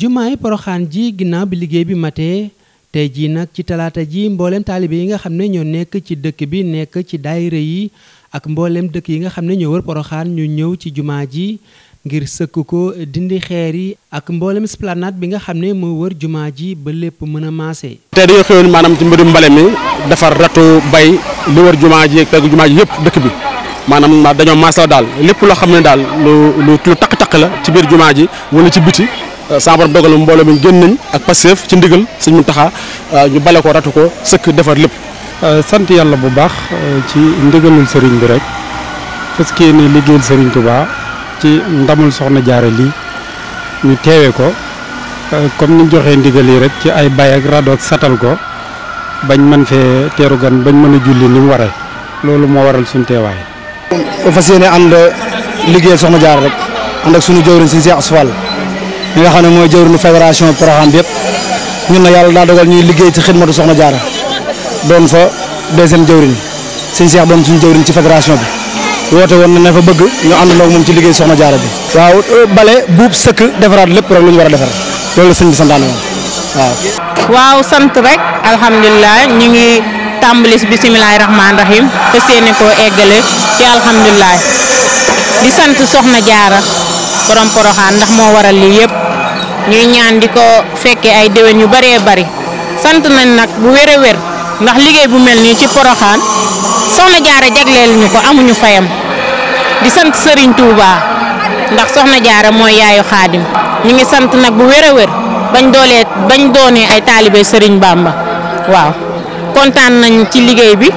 jumaay poroxaan ji ginnaaw bi liggéey bi matee tey jii nag ci talaata ji mboolem taalibe yi nga xam ne ñoo nekk ci dëkk bi nekk ci daayira yi ak mboolem dëkk yi nga xam ne ñoo wër poroxaan ñu ñëw ci jumaa ji ngir sëkk ko dindi xeer yi ak mboolem esplanade bi nga xam ne moo wër jumaa ji ba lépp mën a maase. te dañoo xëyoon maanaam ci mbirum mbale mi defar ratu bay li wër jumaa ji ak peggu jumaa ji yëpp dëkk bi maanaam dañoo maasoo daal lépp loo xam ne daal lu lu takk takk la ci biir jumaa ji wala ci biti. Euh, sama borom dogal mbooloo mi génn nañ ak Pastef ci ndigal sëñ taxa euh, ñu bale ko ratu ko sëkk defar lépp. Euh, sant yàlla bu baax ci ndigalul sëriñ bi rek fas kee ni liggéeyal sëriñ Tuubaa ci ndamul soxna jaare lii ñu teewee ko comme ni joxee ndigal yi rek ci ay bay ak rado ak satal ko bañ mën fee teeru gan bañ mën a julli ni mu waree loolu moo waral suñu teewaay. fas yéene ànd liggéeyal soxna jaar rek ànd ak suñu jëwriñ si Cheikh Asfal mi nga xam ne mooy jëwriñu fédération Porokhane bi yëpp ñun na yàlla daa dogal ñuy liggéey ci xidmatu soxna jaara doon fa deuxième jëwriñ sëñ Cheikh doon suñ jëwriñ ci fédération bi woote woon na ne fa bëgg ñu àndandoo ak moom ci liggéey soxna jaara bi waaw euh, bale buub sëkk defaraat lépp rek lu war a defar loolu la sëñ waaw sant rek alhamdulilah ñu ngi tàmbali bisimilahi rahmaani rahim te seeni koo eggale ci alhamdulilah di sant soxna jaara borom Porokhane ndax moo waral lii yëpp ñuy ñaan di ko fekkee ay déwén yu bëree bari sant nañ nag bu wér a ndax liggéey bu mel nii ci poroxaan soxna jaara jagleel ñu ko amuñu fayam di sant sëriñ Touba ndax soxna jaara mooy yaayu xaadim ñu ngi sant nag bu wér wér bañ doolee bañ doonee ay taalibe sëriñ Bamba waaw kontaan nañ ci liggéey bi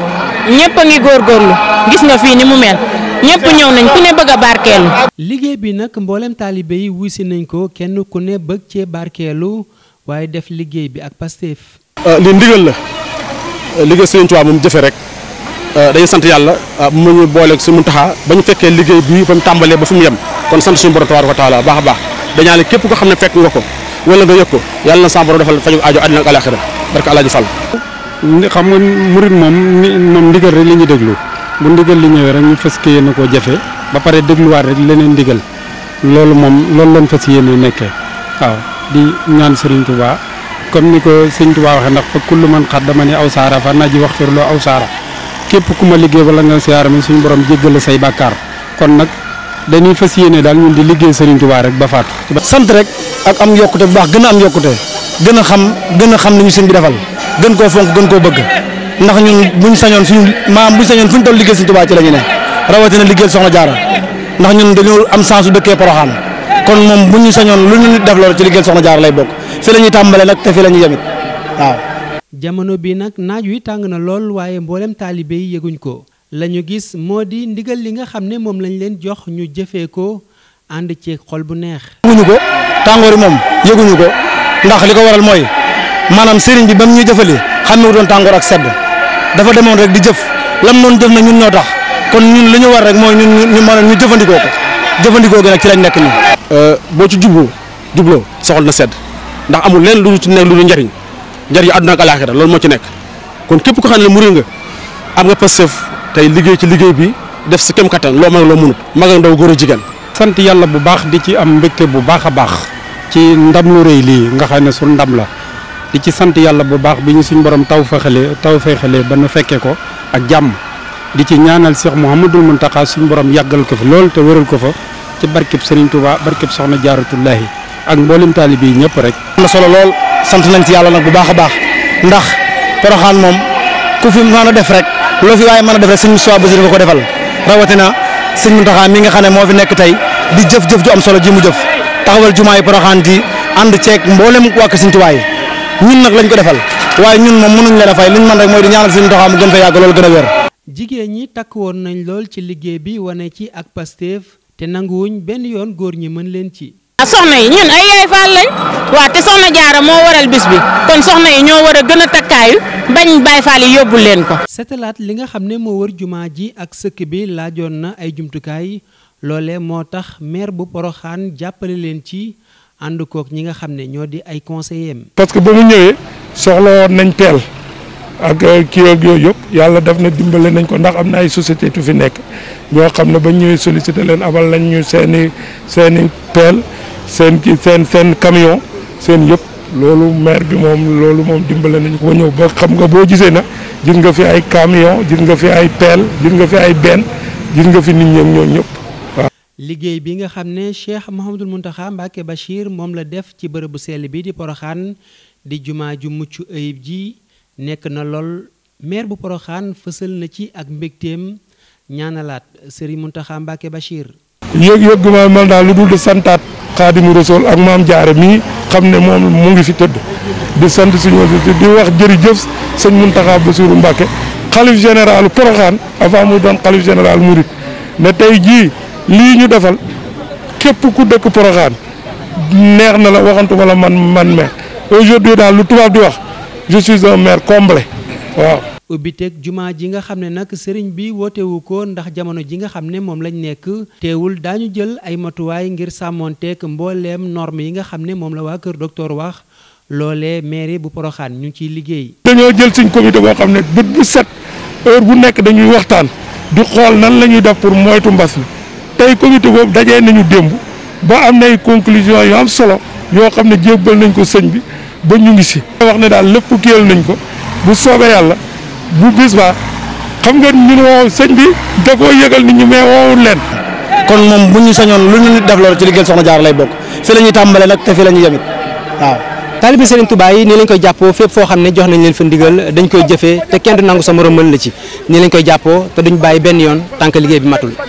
ñëpp a ngi góorgóorlu gis nga fii ni mu mel ñëpp ñëw nañ ku ne bëgg a barkeelu. liggéey bi nag mboolem taalibe yi wuusi nañ ko kenn ku ne bëgg cee barkeelu waaye def liggéey bi ak Pastef. Ah, li ndigal la ah, liggéey Sëriñ Tuubaa moom jëfe rek ah, dañuy sant yàlla mu ñu booleeg taxaa ba ñu fekkee liggéey bi ba mu tàmbalee ba fu mu yem kon sant suñu borom tabaaraka wa taala baax a baax dañaale képp ko xam ne fekk nga ko wala nga yëg ko yàlla na sa borom defal faju aajo àddina ak alaaxira barka Alaaji Fall xam nga murit moom moom ndigal rek li ñuy déglu bu ndigal li ñëwee rek ñu fas na koo jafe ba pare dégluwaat rek leneen ndigal loolu moom loolu lañ fas yéene nekkee waaw di ñaan Serigne tubaa comme ni ko Serigne Touba waxee ndax fa kullu man xat dama ne aw saara fa naa ji wax firloo aw saara képp ku ma liggéey wala nga siyaara mi suñu borom la say bàkkaar kon nag dañuy fas yéene daal ñun di liggéey Serigne Touba rek ba faatu. sant rek ak am yokkute bu baax gën a am yokkute gën a xam gën a xam li sëñ bi defal gën koo fonk gën koo bëgg. ndax ñun buñ sañoon suñu maam buñ sañoon fuñ toll liggéey Sëriñ Tuubaa ci la ñu ne rawatina liggéeyal soxna jaara ndax ñun dañoo am sens su dëkkee Poroxaan kon moom bu ñu sañoon lu ñu nit def loolu ci liggéeyal soxna jaara lay bokk fi la ñuy tàmbalee nag te fi la ñuy yemit waaw. jamono bi nag naaj wi tàng na lool waaye mboolem taalibe yi yëguñ ko lañu gis moo di ndigal li nga xam ne moom lañ leen jox ñu jëfee ko ànd ci xol bu neex. yëguñu ko tàngoor yi moom yëguñu ko ndax li ko waral mooy maanaam sëriñ bi ba mu ñuy jëfali xam ne doon tàngoor ak sedd dafa demoon rek di jëf lan noonu jëf na ñun ñoo tax kon ñun li ñu war rek mooy ñun ñu mën a ñu jëfandikoo ko jëfandikoo gi nag ci lañ nekk nii. Euh, boo ci jubloo jubloo soxal na sedd ndax amul leen lu ci nekk lu njariñ njariñ àdduna ak alaaxira loolu moo ci nekk kon képp ko xam ne murid nga am nga Pastef tey liggéey ci liggéey bi def si kem kattan loo mag loo munut mag ak ndaw góor a jigéen. sant yàlla bu baax di ci am mbégte bu baax a baax ci ndam lu rëy lii nga xam ne suñu ndam la. di ci sant yàlla bu baax bi ñu suñ borom taw fexalee taw fexalee ba nu fekkee ko ak jàmm di ci ñaanal Cheikh Mouhamadul Mountakha suñ borom yàggal ko fi lool te wëral ko fa ci barkeb Serigne Touba barkeb Soxna Jaaratullahi ak mboolem taalibe yi ñëpp rek. am solo lool sant nañ ci yàlla nag bu baax a baax ndax Porokhane moom ku fi mën a def rek loo fi waaye mën a def rek sëñ Moustapha Bassirou nga ko defal rawatina sëñ Mountakha mi nga xam ne moo fi nekk tey di jëf jëf ju am solo ji mu jëf taxawal jumaa yi Porokhane ji ànd ceeg mboolem waa Sëñ Tuubaa yi ñun nag lañ ko defal waaye ñun moom mënuñ leen a fay liñ mën rek mooy di ñaanal suñu doxaam gën fa yàgg loolu gën wér. jigéen ñi takk woon nañ lool ci liggéey bi wane ci ak Pastef te nanguwuñ benn yoon góor ñi mën leen ci. Ah, soxna yi ñun ay yaay faal lañ waaw te soxna jaara moo waral bis bi kon soxna yi ñoo war a gën a takkaayu bañ baay faal yi yóbbu leen ko. setelaat li nga xam ne moo war jumaa ji ak sëkk bi laajoon na ay jumtukaay loole moo tax maire bu poroxaan jàppale leen ci ànd koog ñi nga xam ne ñoo di ay conseillers parce que ba mu ñëwee soxla woon nañ peel ak euh, kii ak yooyu yëpp yàlla def na dimbale nañ ko ndax am na ay société tu fi nekk ñoo xam ne ba ñëwee sollicité leen abal nañ ñu seen i seen i peel seen kii seen seen camion seen yëpp loolu maire bi moom loolu moom dimbale nañ ko ñëw ba xam nga boo gisee na gis nga fi ay camion gis nga fi ay peel gis nga fi ay benn gis nga fi nit ñi ñoo ñëpp. liggéey bi nga xam ne Cheikh Mouhamadul Mountakha Mbacké Bachir moom la def ci bërëbu sell bi di Porokhane di jumaa ju mucc ayib ji nekk na lool maire bu Porokhane fësal na ci ak mbégteem ñaanalaat Serigne Mountakha Mbacké Bachir. yëg yëg ma mel naa lu dul di santaat Xaadimu Rasuul ak maam jaare mii xam ne moom mu ngi fi tëdd di sant suñu di wax jërëjëf sëñ Mountakha Bassirou Mbacké xalif général Porokhane avant muy doon xalif général Mouride ne tey lii ñu defal képp ku dëkk Porokhane neex na la waxantuma wala man man maire aujourd'hui daal lu tubaab di wax je suis un maire comblé waaw. ubbiteeg jumaa ji nga xam ne nag sëriñ bi wootewu ko ndax jamono ji nga xam ne moom lañ nekk teewul daañu jël ay matuwaay ngir sàmmoon sàmmonteeg mbooleem norme yi nga xam ne moom la waa kër docteur wax loolee mairie bu Porokhane ñu ngi ciy liggéey. dañoo jël suñ comité boo xam ne bët bu set heure bu nekk dañuy waxtaan di xool nan la ñuy def pour moytu mbas mi. tey comité boobu dajee nañu démb ba am nay conclusion yu am solo yoo xam ne jébbal nañ ko sëñ bi ba ñu ngi si wax ne daal lépp kiyal nañ ko bu soobee yàlla bu bis ba xam nga ñun woow sëñ bi da koo yëgal nit ñi mais woowul leen kon moom bu ñu sañoon lu ñu nit def loolu ci liggéey soxna jaar lay bokk fi la ñuy tàmbalee nag te fi la ñuy yemit waaw taalibi Serigne Touba nii lañ koy jàppoo fépp foo xam ne jox nañ leen fa ndigal dañ koy jëfee te kenn du nangu sa moroom mën la ci nii lañ koy jàppoo te duñ bàyyi benn yoon tant que liggéey bi matul